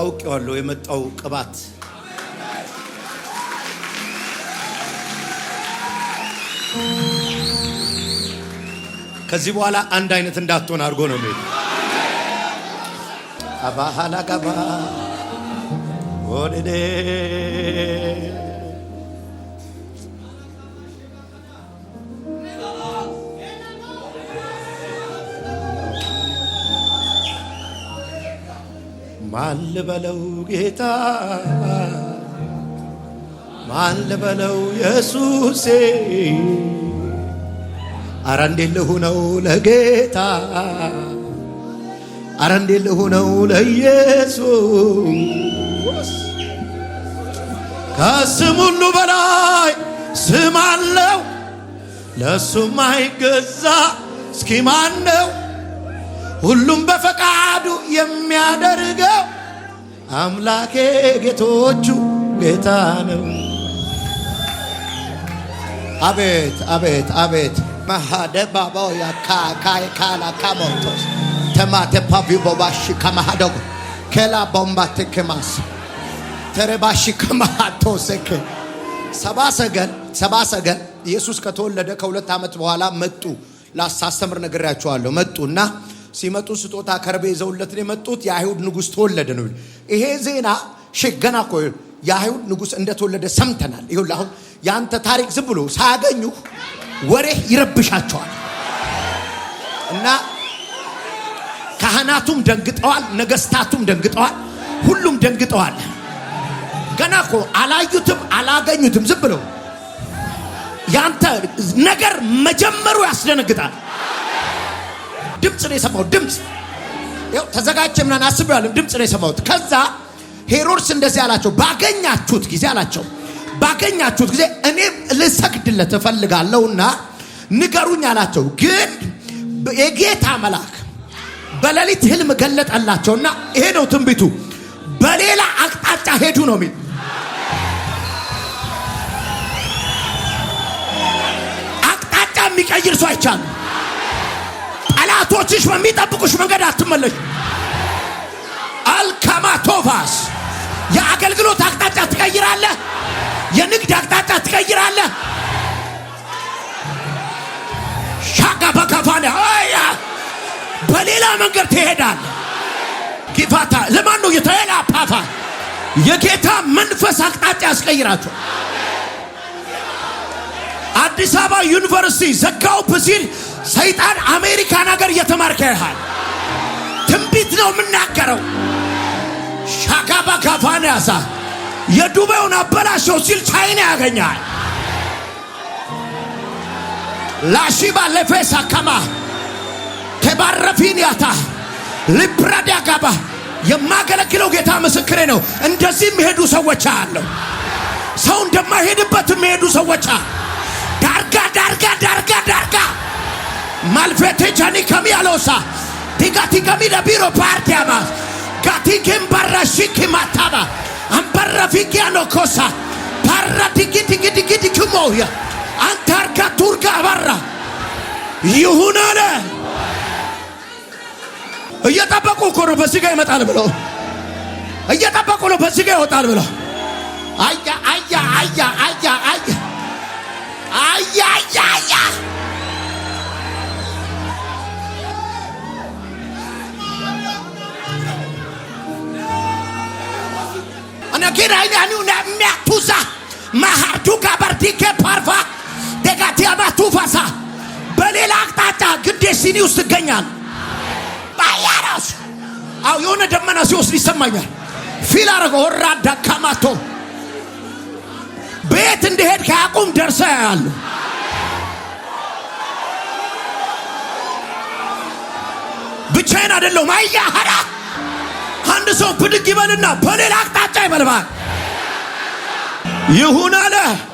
አውቄዋለሁ የመጣው ቅባት ከዚህ በኋላ አንድ አይነት እንዳትሆን አድርጎ ነው ሚሄድ አባሃላ ጋባ ወደዴ ማን ልበለው ጌታ ማን ልበለው ኢየሱሴ አረ እንዴት ልሁነው ለጌታ አረ እንዴት ልሁነው ለኢየሱስ ከስም ሁሉ በላይ ስም አለው ለሱ ማይገዛ እስኪ ማን ነው ሁሉም በፈቃዱ የሚያደርገው አምላኬ ጌቶቹ ጌታ ነው። አቤት አቤት አቤት መሃደባባው ያካካይ ካላ ካሞቶስ ፓቪ ፓቪቦባሽ ከማሃደጎ ከላ ቦምባ ትክማስ ተረባሽ ከማሃቶሰከ ሰባ ሰገል ሰባ ሰገል ኢየሱስ ከተወለደ ከሁለት ዓመት በኋላ መጡ። ላሳስተምር ነግሬያቸዋለሁ። መጡና ሲመጡ ስጦታ ከርቤ ይዘውለት ነው የመጡት። የአይሁድ ንጉሥ ተወለደ ነው። ይሄ ዜና ሽገና ኮ የአይሁድ ንጉሥ እንደተወለደ ሰምተናል። ይሁ አሁን የአንተ ታሪክ ዝም ብሎ ሳያገኙ ወሬህ ይረብሻቸዋል እና ካህናቱም ደንግጠዋል፣ ነገስታቱም ደንግጠዋል፣ ሁሉም ደንግጠዋል። ገና ኮ አላዩትም፣ አላገኙትም። ዝም ብለው ያንተ ነገር መጀመሩ ያስደነግጣል። ድምፅ ነው የሰማሁት። ድምፅ ያው ተዘጋጀ ምናን አስብ ያለም ድምፅ ነው የሰማሁት። ከዛ ሄሮድስ እንደዚህ አላቸው፣ ባገኛችሁት ጊዜ አላቸው፣ ባገኛችሁት ጊዜ እኔ ልሰግድለት እፈልጋለሁና ንገሩኝ አላቸው። ግን የጌታ መልአክ በሌሊት ህልም ገለጠላቸውና ይሄ ነው ትንቢቱ፣ በሌላ አቅጣጫ ሄዱ ነው የሚል አቅጣጫ የሚቀይር ሰው አይቻልም። ጠላቶችሽ በሚጠብቁሽ መንገድ አትመለሽ። አልካማቶቫስ የአገልግሎት አቅጣጫ ትቀይራለህ። የንግድ አቅጣጫ ትቀይራለህ። ሻጋ በከፋን በሌላ መንገድ ትሄዳል። ጊፋታ ለማን ነው የተላ ፓፋ የጌታ መንፈስ አቅጣጫ ያስቀይራቸው። አዲስ አበባ ዩኒቨርሲቲ ዘጋው ብሲል ሰይጣን አሜሪካን ሀገር እየተማርከ ያህል ትንቢት ነው የምናገረው። ሻጋባ ጋፋን ያሳ የዱባዩን አበላሸው ሲል ቻይና ያገኛል። ላሺባ ለፌሳ ከማ ተባረፊን ያታ ሊብራዳ ጋባ የማገለግለው ጌታ ምስክሬ ነው። እንደዚህ የሚሄዱ ሰዎች አለው። ሰው እንደማይሄድበት የሚሄዱ ሰዎች ዳርጋ ዳርጋ ዳርጋ ዳርጋ malvete janikami alosa tigatigami da biro parte ama gatikim barashiki mataba ambara vigiano kosa parra tigitigitigi kumoya antarka turga abarra ይሁን አለ። እየጠበቁ እኮ ነው። በዚህ ጋር ይመጣል ብለው እየጠበቁ ነው። በዚህ ጋር ይወጣል ብለው አያ አያ አያ አያ አያ አያ አያ Lakini unamtuza maharቱጋ በርቲኬ ፓርፋ ደጋቲያማቱ ፋሳ በሌላ አቅጣጫ ግዴሲኒ ውስጥ ይገኛል ባያራስ አው የሆነ ደመና ሲወስድ ይሰማኛል። ፊል አረገ ወራዳ ካማቶ ቤት እንደሄድ ከያቁም ደርሰ ያሉ ብቻዬን አይደለሁም። አያ ሀራ አንድ ሰው ብድግ ይበልና በሌላ አቅጣጫ ይበልባል ይሁን አለ።